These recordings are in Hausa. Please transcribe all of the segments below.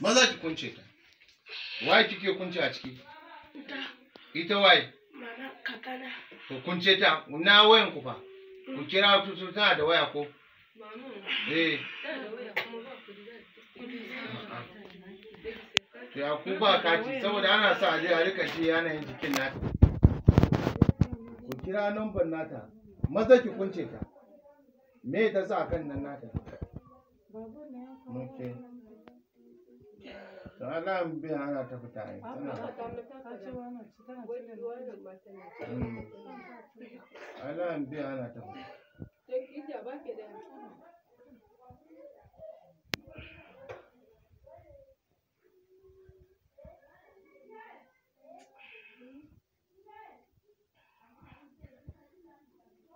maza ki kunce ta waye kike kunce a ciki ita waye to kunce ta na wayan ku fa ku mm. kira tutu tana da waya ko eh To ya ku ba kati saboda ana sa a je a rika shi yanayin jikin nata ku kira numban nata maza ki kunce ta me ta sa kan nan nata Muke. bin ana ta ta fita.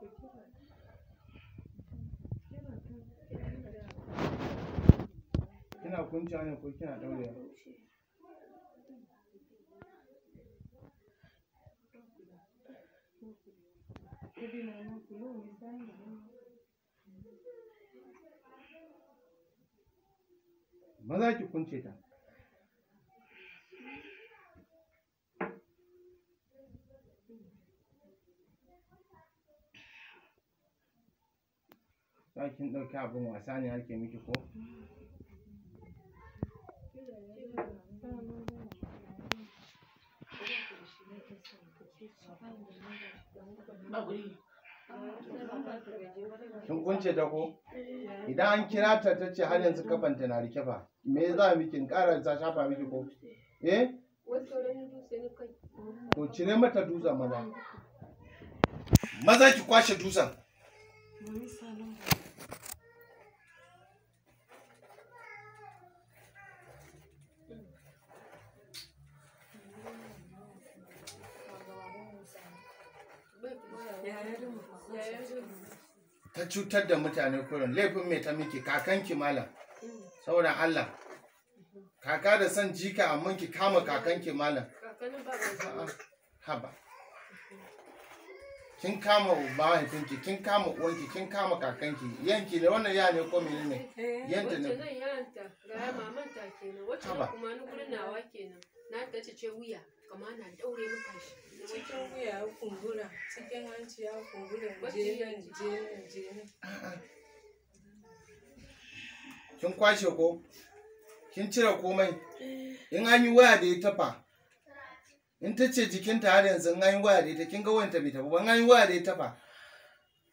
Thank you. kina kunci ne ko kina daure maza ki kunce ta kin ɗauki abin wasa ne ake miki ko Kin kunce ta ko? Idan an kira ta ta ce har yanzu kafanta na rike fa. Me za mu kin ƙara ta shafa miki ko? Eh? To cire mata dutsen maza. Maza ki kwashe dutsen. ta cutar da mutane kurin laifin mai ta miki kakanki malam saboda Allah kaka da san jika amma ki kama kakanki malam haba kin kama mahaifinki kin kama uwanki kin kama kakanki yanki ne wannan ya ne ko menene eh, yanta ne na ta ce wuya kama na daure maka shi cikin wuya ya kumbura cikin hanci ya kumbura je nan je kin kwashe ko kin cire komai in an yi waya da ya tafa in ta ce jikinta har yanzu in an yi waya da ita kin ga wanta bai tafa ba in an yi waya da ya tafa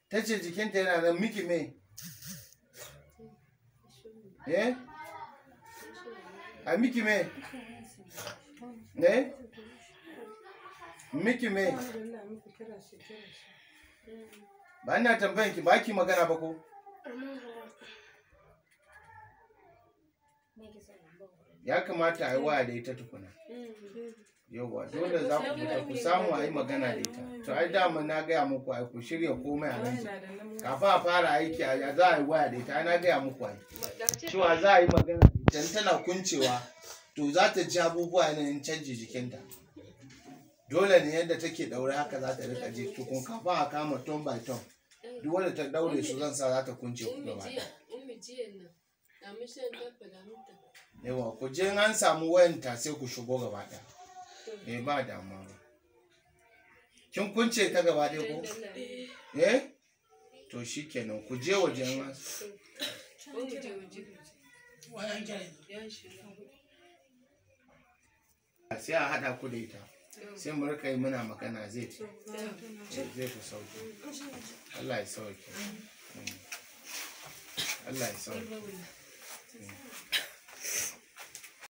ta ce jikinta yana nan miki mai eh a miki mai ne miki me ba ina tambayan ki ba ki magana ba ko ya kamata a yi waya da ita tukuna yauwa dole za ku fita ku samu a yi magana da ita to ai dama na gaya muku ai ku shirya komai a nan kafin a fara aiki a za a yi waya da ita na gaya muku ai cewa za a yi magana da ita tana kuncewa to za ta ji abubuwa yanayin canji jikinta dole ne yadda take daure haka za ta rika ji tukun kafa a kama ton by ton duk wanda ta daure su zan sa za ta kunce ku gaba yawa ku je an samu wayanta sai ku shigo gaba ɗaya eh, ba damuwa ba kin kunce ta gaba ɗaya ko eh to shi kenan ku je wajen wasu sai a haɗa ku da ita sai mu rika yi muna magana zai fi zai fi sauki Allah ya sauki mm. Allah ya sauki mm.